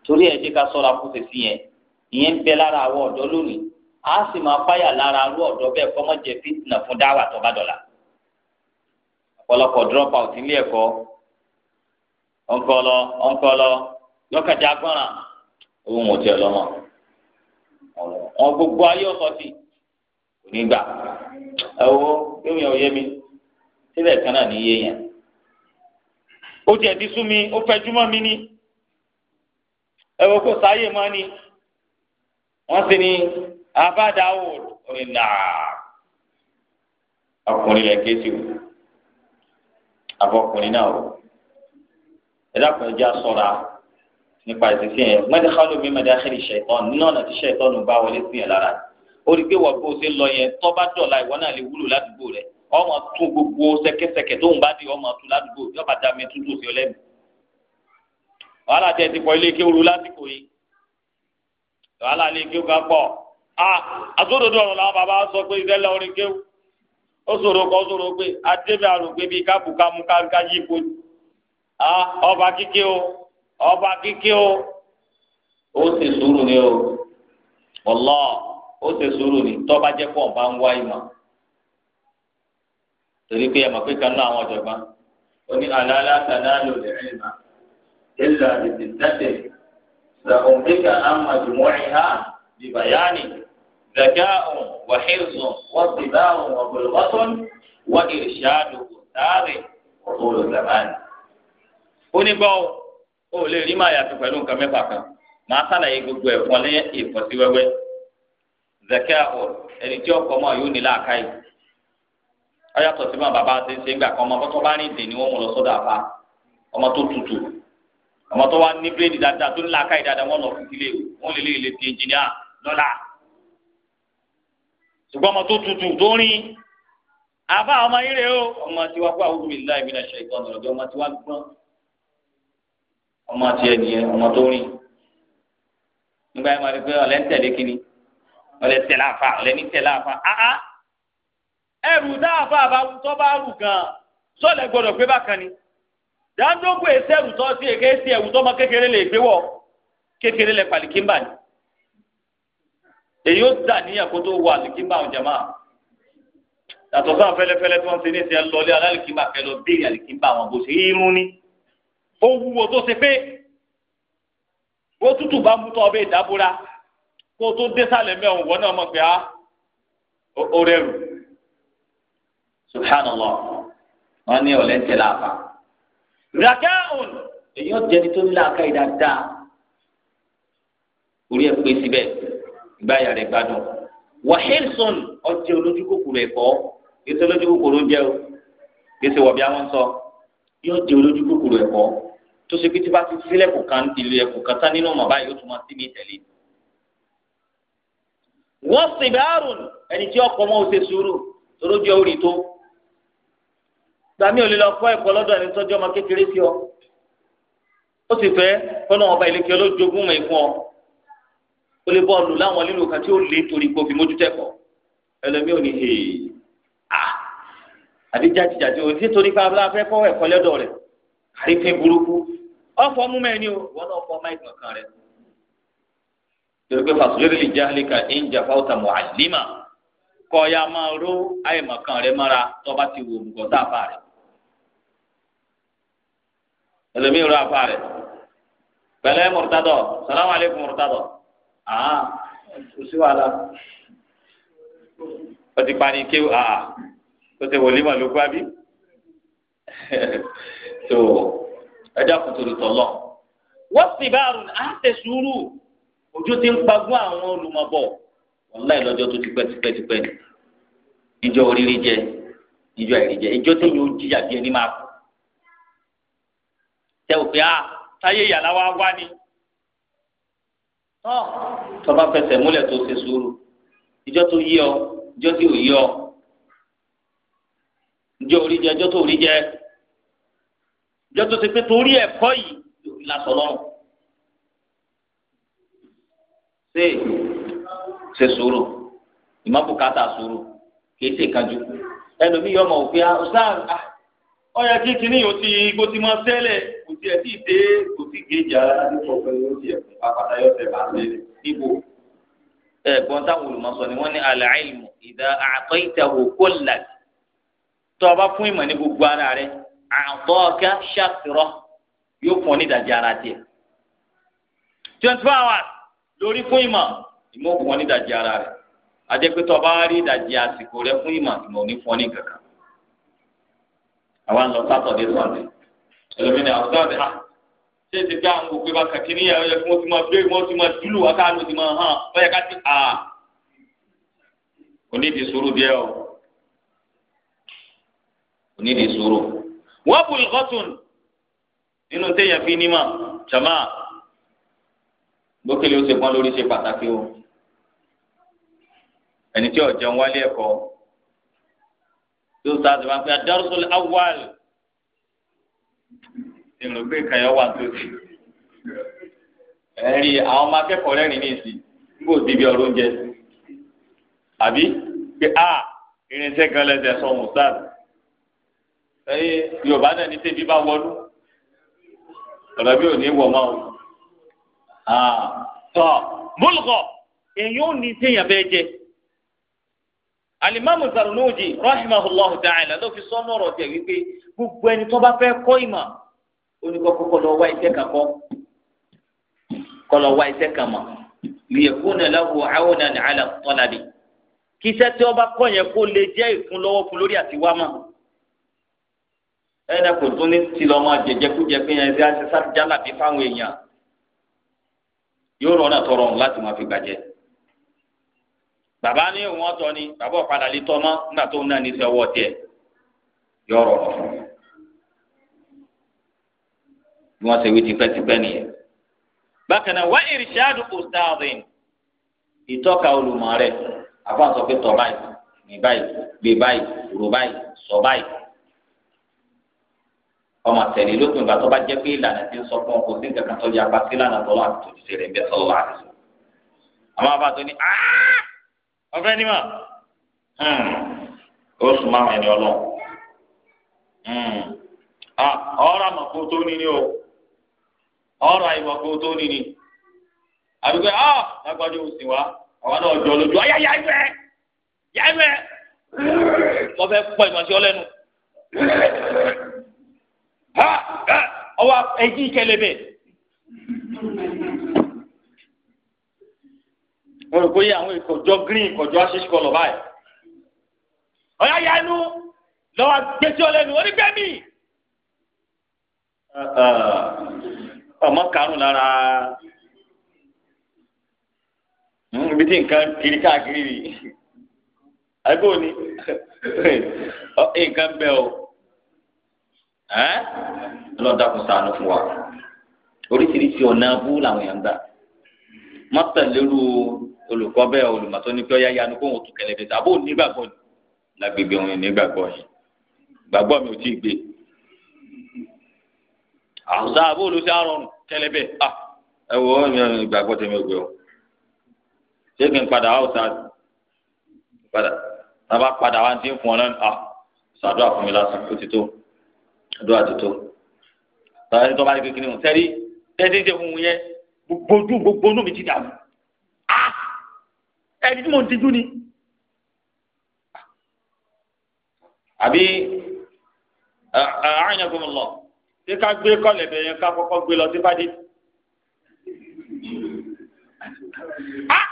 torí ẹ̀ ká sọ́ra fún ṣèṣì yẹn ìyẹn ń bẹ lára àwọn ọ̀dọ́ lónìí a sì máa fáyà lára arú ọ̀dọ́ bẹ́ẹ̀ kọ́mọ́ jẹ fìtínà fún dáwà tó bá dọ̀la drop out ilé ẹ̀kọ́ wọn gbogbo ayé ọ̀sọ̀ sí onígbà ẹ̀wọ́ yóò yẹ ọ̀yẹ́ mi síbẹ̀ kan náà ní iye yẹn ó tiẹ̀ ti sú mi ó fẹjú mọ́ mi ní ẹ̀wọ́ kò sáyè mọ́ ni wọ́n sì ní abádáwò ọ̀rìnà ọkùnrin rẹ̀ kéjì o àbọ̀kùnrin náà o ẹ̀dá kan ẹja sọ̀ra nípa ìṣesí yẹn mọ́tò kálọ̀ mi mọ̀dé àṣírí ṣẹ̀tọ́n nínú ọ̀nà tí ṣẹ̀tọ́n bá wọlé sí yẹn lára ó rí i pé wọ́n bó ṣe lọ yẹn tó bá dọ̀la ìwọ náà lè wúlò ládùúgbò rẹ̀ ọmọ tún gbogbo ṣẹkẹṣẹkẹ tóun bá di ọmọ tún ládùúgbò yọba dá mi tútù sí ọlẹ́mi wàhálà tẹ ti pọ ilé kéwòrú lásìkò yìí wàhálà ilé kéwòrú ká pọ̀ a àtúndòdò ọ̀rọ̀ làwọn bàbá sọ pé ìdẹ́lẹ̀ orin kéwòrú ó ṣòro kọ́ ṣòro pé adébẹ̀ àrògbé bíi kábùkámú ká yí ipò a ọba kíké ọba kíkí o ó ṣe sùúrù ni o ọlọ ó ṣe sùúrù ni tọ́ba jẹ́ pọ̀ bá ń wá ìmọ̀ torí pé ẹ̀mọ̀ pé kanú àwọn ọ̀jọ̀gbọ́n ó ní àlàálá tàdáàlò lè rìn mà ìlà ètè tẹ́tẹ̀ sàkùnbíkà àmàjùmọ́ìhá bìbàyánì ذكاء وحرص واتباع وبلغة وإرشاد أستاذ وطول الزمان. ونبو o lè rí máa yàtọ̀ pẹ̀lú nǹkan mẹ́fà kan màá sàlàyé gbogbo ẹ̀ fún ọ lẹ́yìn ìfọ̀sí wẹ́wẹ́ zẹ̀kẹ́ àpọ̀ ẹni tí ọkọ̀ mọ́ yóò ní láàkáyì ọyàtọ̀ sí ma bàbá ti ń ṣe ńgbà kan ọmọ tó bá rìn dè ni wọ́n mú lọ sọ́dọ̀ àfa ọmọ tó tutù ọmọ tó wá ní bírèdì dáadáa tó ń láàkáyì dáadáa wọ́n lọ fún ilé wọn lè lè di ẹnjìníà lọ́la ṣùgbọ́n ọmọ tó tutù tó rìn àbá ọmọ ire o ọmọ tiwa kó àwọn ọmọ tiẹ̀ nìyẹn ọmọ tó rìn nígbà yẹn máa rí pé ọ̀lẹ́ ń tẹ̀lé kínní ọ̀lẹ́ tẹ̀lé àfa ọ̀lẹ́ ní tẹ̀lé àfa áá ẹrù dáàfà tó bá rù gan sọ̀lẹ̀ gbọ́dọ̀ pé bákan ni dáńdógún èsì ẹrù tó sí èké sí ẹrù tó mọ kékeré lè gbé wọ kékeré lẹ pàlì kíńbà ni èyí ó dà níyà kó tó wọ àlìkíńbà ọ̀jẹ̀ máa yàtọ̀ sáà fẹ́lẹ́fẹ́lẹ́ tí wọ́n ti ní ìsẹ́ lọlé alálìkíńbà fẹ́ lọ àlìkíńbà àwọn bó ṣe irun ni ó wúwo tó ṣe pé bó tútù bá mú tọ́ ọbẹ̀ ìdábòra kó tó dé sálẹ̀ mẹ́wọ̀n wọ́n náà mọ̀ pé á ah, ó rẹ̀rù subhanallah wọn ní ọ̀lẹ́ ń tẹ̀lé àbá ràkẹ́hùn èyí ó jẹni tó nílò àká ìdá dáa orí ẹ̀ pé síbẹ̀ ìgbáyà rẹ̀ gbádùn wàhíìsùn ọjẹ́ olójú kòkòrò ẹ̀kọ́ kí ṣe olójú kòkòrò oúnjẹ o kí ṣe wọ̀bí àwọn sọ yóò jẹ́ olójú kòkòrò ẹ̀kọ́ tó ṣe pé tí bá ti sílẹ̀kùn kan ìlú ẹ̀kùn kan tán nínú ọmọ báyìí ó tún máa sí ní ìtẹ̀lé. wọ́n sì báàrùn ẹni tí ọkọ̀ ọmọ òṣè sùúrù tóró jẹ́ orí tó. gbàmí ò lè lọ kọ́ ẹ̀kọ́ lọ́dọ̀ ẹni tọ́jú ọmọ kékeré sí ọ. ó sì fẹ́ kọ́nà ọba ìlẹ́kẹ́ olójogún mọ̀ ìfún ọ. ó lè bọ́ọ̀lù láwọn lílo kan tí ó lè torí kó fi mójú tẹ́kọ̀ọ́ ẹlẹ́mí burúkú ọ̀fọ̀ mú mẹ́ni o wọn náà fọ máìkì kankan rẹ. torí pé fàṣọyọrí lè já àlíkà ń jà fáwọtà mọ àlímà kọ ya máa ró àìmọ̀kan rẹ mọ́ra tọ́ba ti wò nǹkan tá a fà rẹ. ẹlòmíì rọ àfà rẹ pẹ̀lẹ́ mọ̀rútàdọ̀ sàlámù alẹ́kùn mọ̀rútàdọ̀ àá wàhálà ó ti pa ni kéwù àá tó ti wòlímọ̀ ló àbí. so. ẹ̀dá kùtòrò tọ̀lọ̀ wọ́n sì bá àrùn sùúrù ojú ti ń pagún àwọn olùmọ̀bọ̀ wàláì lọ́jọ́ tó ti pẹ́ ti pẹ́ ti pẹ́ ìjọ oríire jẹ ìjọ àìríjẹ ìjọ tó yóò bí tẹ òfin a ah, táyé wa ni tọ́ba fẹsẹ̀ múlẹ̀ tó ṣe sùúrù ìjọ tó ọ ìjọ tí ò yí ọ ìjọ ìjọ tó jọ tó ti pé torí ẹ̀kọ́ yìí yóò fi lásọ lọ́rùn. ṣé ṣe sùúrù ìmọ̀bùkátà sùúrù kì í ṣe ìkanjú ẹlòmíì ọmọ òfin ọ̀sán ah, ọ̀yà ah, kí kìíní yóò ti kó ti máa ṣẹlẹ̀ kò tiẹ̀ tí ì dé kò tí ì géèjì ara láti pọ̀ pẹ̀lú oúnjẹ ẹ̀kún pàpàtà yóò tẹ̀ máa lé níbo. ẹ̀gbọ́n táwọn olùmọ̀sọ ni wọ́n ní al-ilmu idha a'taytahu kullak tó o bá fún ìmọ̀ ní gbogbo ara rẹ̀ a ṣàtìrọ̀ yóò fún ọ ní ìdajì ara tiẹ̀ twenty four hours lórí fún ìmọ̀ ìmọ̀ fún ọ ní ìdajì ara rẹ̀ adékòtò ọba rí ìdajì àsìkò rẹ̀ fún ìmọ̀ ìmọ̀ ò fún ọ ní kankan àwọn lọ sátọ̀dé ha ṣé ti gbé àwọn ẹ̀rọ yẹ kí wọ́n ti máa wọ́n ti máa dúlù ti máa wọ́n bu ìkọ́tún nínú téèyàn fi ní mà jàmá gbókèlè ó ṣe pọn lórí ṣe pàtàkì o ẹni tí ọ̀jẹ̀ ń wálé ẹ̀kọ́ tí ó sáà sọ́wọ́n pé ad-darsul awwal ìlú pé kàyọ̀ wà tó ti ẹ̀rí àwọn ọmọ akẹ́kọ̀ọ́ rẹ́rìn ní ìsìn kó dìbí ọ̀rọ̀ oúnjẹ àbí pé a ah, irinṣẹ́ kan lẹ́sẹ̀ sọ mùsàlù. ẹyẹ yorùbá náà ní tẹbi bá wọlú ọ̀rọ̀ bí ò wọ̀ mọ́ o tọ́ múlùkọ̀ èyàn ò ní téèyàn bẹ́ẹ̀ jẹ alimami rahimahulahu ta'ala ló fi gbogbo ẹni tó bá kọlọ wá kan kọ kọlọ wá kan mọ kí tí wọn bá yẹn kó lè fún lórí ẹnna kò tún ní tilọ̀ ọmọ jẹjẹkújẹ pé yẹn ẹsẹ̀ àti sájálà bí fáwọn èèyàn yóò rọrùn àtọrọ ọ̀hún láti máa fi gbàjẹ́ bàbá ní òun ọ̀tọ̀ ni bàbá ọ̀padà lè tọ́ mọ́ nígbà tó ń náà ní sẹ́ ọwọ́ tiẹ̀ yóò rọrùn fún un bí wọ́n ṣe wí tipẹ́tipẹ́ nìyẹn bákan náà wá ìrìṣàdù ọ̀sàdìn ìtọ́ka olùmọ̀ rẹ̀ àfọ̀nsọ̀ pé tọ́ báyìí ní báyìí gbé báyìí ọmọ àtẹ̀lé lópin ìgbà tó bá jẹ́ pé ìlànà ti ń sọ fún ọ kò sí nǹkan kan tó yapa sí ìlànà tó lọ́wọ́ àti tòjúṣe rẹ̀ ń bẹ sọ́wọ́ láti sọ. àmọ́ bàbá tó ní ọ̀fẹ́ nímọ̀ hmm. ó sùn máa ẹni ọlọ́run hmm. ọ̀rọ̀ àmọ̀kò tó ní ni o ọ̀rọ̀ àìmọ̀kò tó ní ni àdúgbò ọ̀ lágbájú òsì wa àwọn náà jọ lójú ayé ayé ayé ayé wọ́n fẹ́ pọ̀ ìmọ̀ ha ẹ ọwọ́ ẹjí kẹlẹbẹ. mo rò bóyá àwọn ìkọjọ green ìkọjọ aṣíṣ kọlọ báyìí. ya yanu lọ́wọ́ gbèsè ọlẹ́nu onígbẹ́mí. ọmọ karùn lára hmm, ibi tí nǹkan kiri káàkiri àbí òní nǹkan bẹ́ẹ̀ o. ẹ ọlọ́dà kò sànù fún wa oríṣiríṣi ọ̀nà abú làwọn yàn ń gbà mọ́tàlérú olùkọ́ bẹ́ẹ̀ olùmọ̀tọ́ ní pé ọ̀yá yanu kó wọn tún kẹlẹ́ bẹ́ẹ̀ àbó onígbàgbọ́ ni lágbègbè wọn nígbàgbọ́ yẹn gbàgbọ́ mi ò tí ì gbé àwùjọ àbó olùsí àrọrùn kẹlẹ́ bẹ́ẹ̀ à ẹ wọ ìgbàgbọ́ tẹ̀mí ògbé o ṣé kí n padà àwùjọ padà tá a bá padà wá ti ń fún ọ náà à ṣàdúrà fún mi lásán ó ti tó àdúrà tuntun tọ́lá ní tọ́ba ní kékeré wọn sẹ́rí tẹ́tí ṣe fún un yẹn gbogbo ojú gbogbo inú mi ti dàrú ah! ẹni tí mò ń tijú ni. àbí àárín ẹgbẹ́ mi lọ ṣé ká gbé kọ́lẹ̀ bẹ̀rẹ̀ yẹn ká kọ́kọ́ gbé lọ sí fàdí. Ah!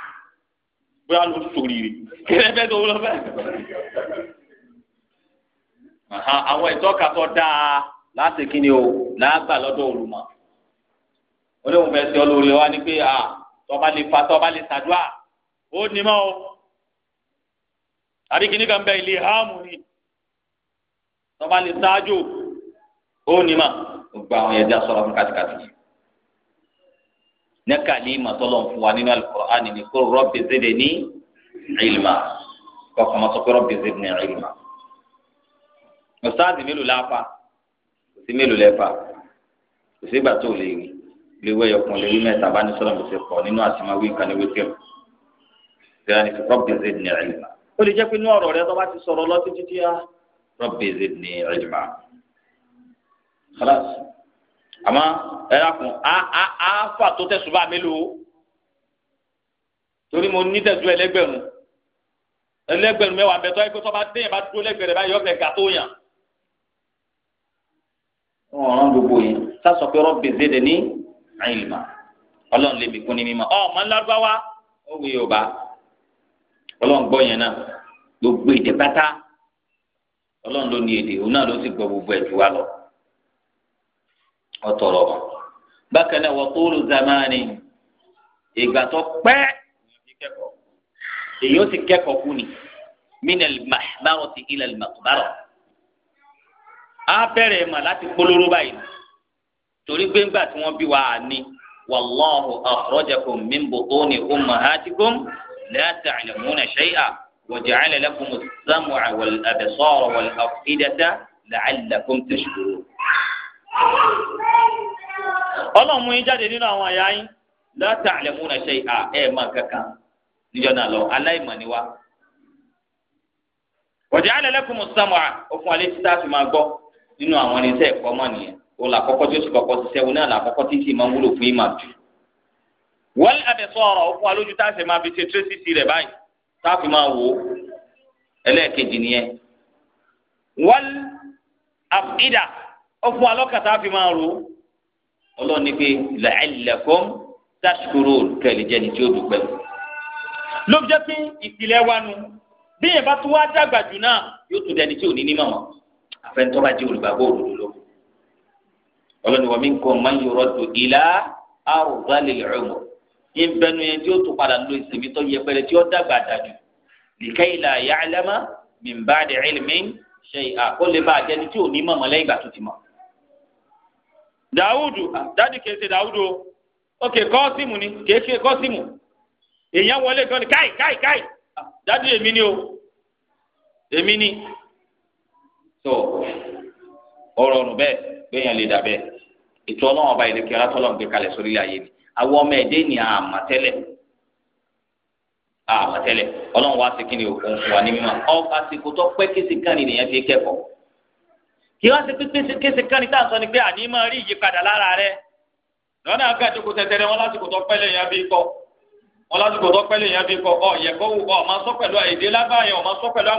bóyá ló sòrìrì kí ẹ bẹ́ẹ̀ tó wúlọ bẹ́ẹ̀ àwọn ìtọ́ka tó dáa láti kí ni o láàgbà lọ́dọ̀ olùmọ̀ olóhùn fẹ́ sí olórí wa ni pé a tọ́ba lè fa tọ́ba lè ṣàdúrà ó ní mọ́ o àbí kí ni kàn bẹ ilé hàmù ni tọ́ba lè ṣáájú ó ní mọ́ gbogbo àwọn ẹ̀dá sọ̀rọ̀ fún kàtìkàtì yìí nyakali matọlọn fún wa nínú Al-Qur'ani ni ko Rabbi zidni ilma kọkọ ma sọ ko Rabbi zidni ilma ọ̀sáàdì mélòó la fa kò sí mélòó lẹ fa kò sígbà tó lè rí lè wẹ̀ ọkùn lè rí mẹ́ta bá ní sọ́dọ̀ mọ̀sẹ̀ pọ̀ nínú àtìmáwí nǹkan ní wíkẹ́ ìrànì fi rọ́bì zidni ilma ó lè jẹ́ pé inú ọ̀rọ̀ rẹ tó bá ti sọ̀rọ̀ lọ títí tí a rọ́bì zidni ilma khalas àmọ́ ẹ dákun á á á fà tó tẹ̀sùn bá mélòó torí mo ní tẹ̀sùn ẹlẹ́gbẹ̀rún ẹlẹ́gbẹ̀rún mẹ́wàá bẹ̀tọ́ ẹ ọ̀ràn gbogbo yẹn sásọ pé rọ́bì zédè ní àyìnlá ọlọ́run lè mi kún ní mímọ́ ọmọ ńlárúbáwá ó wí yorùbá ọlọ́run gbọ́ yẹn náà gbogbo èdè pátá ọlọ́run ló ní èdè òun náà ló sì gbọ́ gbogbo ẹ̀jú wa lọ ọ̀tọ̀rọ̀ bákan náà wọ́n tó zamani ìgbà tó pẹ́ èyí ó sì kẹ́kọ̀ọ́ kú ni minal mahmarati ilal maqbara á bẹ̀rẹ̀ mà láti polówó báyìí torí pé ńgbà tí wọ́n bí wa ní wàlláhu akhrajakum min butuni ummahatikum la ta'lamuna shay'a wa ja'ala lakum as-sam'a wal absara wal af'idata la'allakum tashkurun. ọlọ́run yín jáde nínú àwọn àyà yín la ta'lamuna shay'a ẹ̀ máa kankan níjọ́ lọ aláìmọ̀ ni wá. wa ja'ala lakum nínú àwọn irinṣẹ́ ẹ̀kọ́ mọ̀ nìyẹn o là kọ́kọ́ tí o sì kọ́kọ́ ṣiṣẹ́ o náà là kọ́kọ́ tí sì máa ń wúlò fún ìmọ̀ jù. wọ́n abẹ́sọ̀ ọ̀rọ̀ ó fún wa lójú táṣe máa fi ṣe tírésìsì rẹ̀ báyìí táàfin máa wò ó ẹlẹ́ẹ̀kejì nìyẹn. wọ́n àfìdà ó fún wa lọ́kàn táàfin máa rò ọlọ́run ní pé la'allakum tashkurun kẹ́lẹ́ jẹ́ni tí ó dúpẹ́. ló jẹ́ pé ìpìlẹ̀ wa bí yẹn bá tún wá dàgbà jù náà yóò àfẹnutọ́ bá jẹ́ olùgbàgbọ́ òdodo ló ọlọ́ni wọ́n mi ń kọ́ máa ń yọrọ tó ìlà àrùbá lè rẹ̀mọ̀ ìbẹnu yẹn tí ó tún padà lo ìsinmi tó yẹ pẹ̀lẹ́ tí ó dàgbà dájú lìkẹ́yìlà ya'lama min ba'di ilmin shay'a kó lè bá àjẹni tí ò ní mọ̀mọ́ lẹ́yìn ìgbà tó ti mọ̀. dàwùdù ah, dáàdì kìí dàwùdù ó kè kọ́sìmù ni kìí ṣe kọ́sìmù èèyàn wọlé gan ni káì káì káì ah, dáàdì èmi ni o èmi ni ọrọ ọ̀rọ̀ ọ̀rùn bẹ́ẹ̀ gbẹ̀yàn lè dà bẹ́ẹ̀ ètò ọlọ́run ọba ìlẹ̀kẹ́ alátọ́lọ́run gbé kalẹ̀ sórí ayé ni àwọn ọmọ ẹ̀dẹ́ ni àmọ̀tẹ́lẹ̀ àmọ̀tẹ́lẹ̀ ọlọ́run wá sí kíni òkun fún wa ní pẹ́ kánì nìyẹn fi kí kánì tá à ń pé àní máa rí ìyípadà lára rẹ lọ́nà wọn lásìkò tó pẹ́ lẹ́yìn kọ́ wọn lásìkò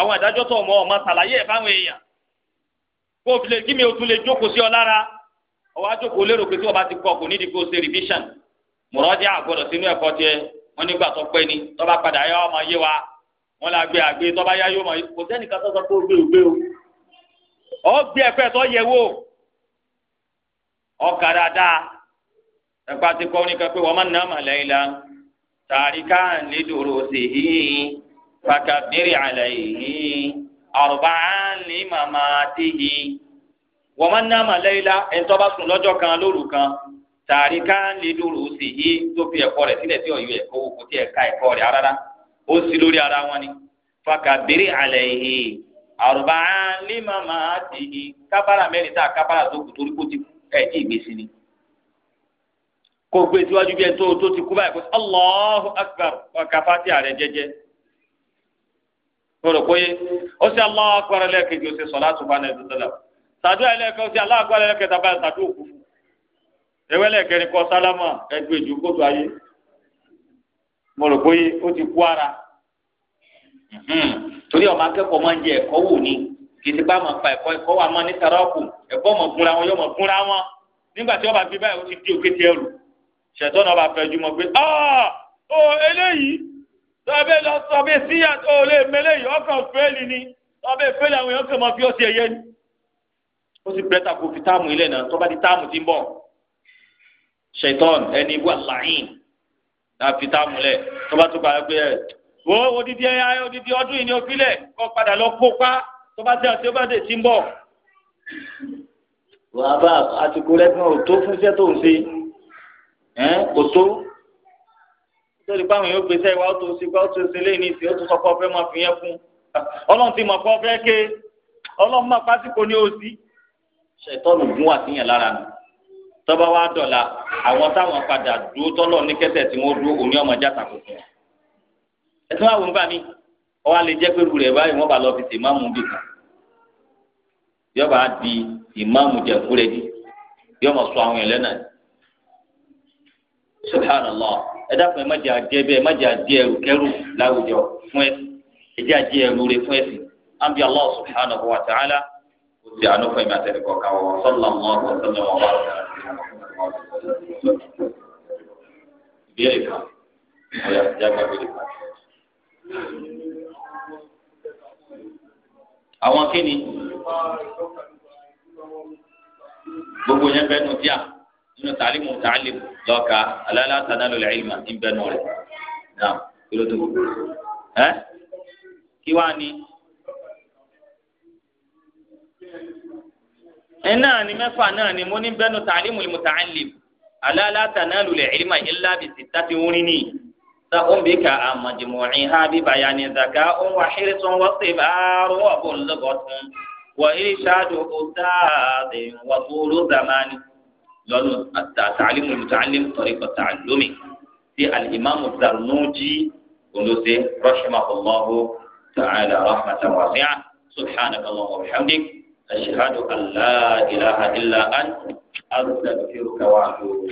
àwọn ìdájọ́ tó ọmọ ọmọ ṣàlàyé ẹ̀ fáwọn èèyàn kó fi lè kí mi ò tún lè jókòó sí ọ lára ọwọ́ àjókòó lérò pé tí wọ́n ti kọ́ ní ṣe revision àgbọ̀dọ̀ sínú ẹ̀kọ́ tiẹ̀ wọ́n nígbà tó pẹ́ ni tó padà yá ọmọ yé wa wọ́n gbé àgbé tó yá mọ̀ kò ọ gbé ẹ̀fẹ́ tó فكبر عليه أربعا لمماته ومن نام ليلة ẹni tó bá sùn lọ́jọ́ kan lóru kan tàríkà lidurusihi tó fi ẹ̀kọ́ rẹ̀ sílẹ̀ tí ọ̀yọ́ ẹ̀kọ́ kò tí ẹ̀ ka ẹ̀kọ́ rẹ̀ rárá ó sì lórí ara wọn ni fakabiri alaihi arba'an limamatihi kábàrà mẹ́rin tá a kábàrà tó kù torí kó ti ẹ̀ tí ìgbésí ni kó gbé síwájú bí ẹ tó tó ti kú báyìí kó Allahu akbar ọkà fásitì ààrẹ jẹjẹ kóró kóyé ó sì Allahu akbar lẹ́ẹ̀kejì ó sì salatu bá nàìjíríà sọlá sàdúrà lẹ́ẹ̀kẹ́ ó sì Allahu akbar lẹ́ẹ̀kẹta bá sàdúrà òkú fún ewé lẹ́ẹ̀kẹrin kọ́ sálámà ẹgbẹ́ ìjù kótó ayé mo rò kóyé ó ti kú ara torí ọmọ akẹ́kọ̀ọ́ máa ń jẹ ẹ̀kọ́ wò ni kìtì bá máa pa ẹ̀kọ́ ẹ̀kọ́ wa máa ní tarọ́ọ̀kù ẹ̀kọ́ máa gúnra wọn yóò máa gúnra wọn nígbà tí wọ́n bá fi ó ti di òkété tọ́bẹ̀ lọ sọ́bẹ̀ sí àtọ́ olè mẹ́lẹ̀ yìí ọkàn fẹ́ẹ̀lì ni tọ́bẹ̀ fẹ́ẹ̀lì àwọn èèyàn kàn máa fi ọtí ẹ̀yẹ ni. ó sì bẹ́tà kó fi táàmù ilẹ̀ náà tọ́ba di táàmù ti ń bọ̀ ṣètọ́n ẹni wà láyìn náà fi táàmù lẹ̀ tọ́ba tó gbà pé ẹ̀ wo odidi ẹ̀yà odidi ọdún yìí ni ó filẹ̀ kọ́ padà lọ kópa tọ́ba tí àti ọba dè ti ń bọ̀. wàá bá àtìkú rẹ sórí pé àwọn yóò gbèsè ìwà ọ̀tọ̀ òsì ìwà ọ̀tọ̀ òsì lẹ́yìn ìsì ó tún sọ pé ọ̀fẹ́ máa fi yẹn fún ọlọ́run ti mọ̀ pé ọ̀fẹ́ ké ọlọ́run máa pásítọ̀ ní òsì ṣètọ́nù gún wà síyàn lára nù tọ́ba wa dọ̀la àwọn táwọn padà dúró tọ́lọ̀ ní kẹsẹ̀ tí wọ́n dúró òní ọmọ játa kò fún wọn. ẹ̀sùn àwọn ń bà mí ọwọ́ alẹ́ jẹ́ pé rúurẹ̀ báyìí wọ́n bá lọ fi tèmáàmù bì kan yọba di ìmáàmù jẹ̀kúrẹ́dì yọmọ sọ àwọn ẹlẹ́nà subhanallah ẹdáfẹ má jẹ adìẹ bẹ́ẹ̀ má jẹ adìẹ ẹrù kẹrù láwùjọ fún ẹsìn ẹjẹ adìẹ ẹrù rẹ fún ẹsìn àbí Allah subhanahu wa ta'ala kò sí àánú fún ẹmí àtẹnukọ káwọ sọlá mọ àwọn sọlá mọ àwọn nínú tàlímù tàlím lọ́ka alálà tànálò lẹ́yìnmá ń bẹ nù rẹ̀ náà kúrò tó ẹ́ kí wàá ní. ẹ náà ni mẹ́fà náà ni mo ní bẹ́nu tàlímù mùtàlím alálà tànálò lẹ́yìnmá ilá bìtì tàbí orin ni sa'un bika a majmu'i ha bi bayani zaka'un wa hirsun wa sibaru wa bulghatun wa irshadu ustadin wa tulu zamani lọ́nà àtàlímù mùtàlímù tọ̀ríkọ̀ tàlómi tí alìmáàmù Zarnuji olóṣè rahimahullahu ta'ala rahmatan wasi'a subhanakallahu wa bihamdik ashhadu an la ilaha illa anta astaghfiruka wa atubu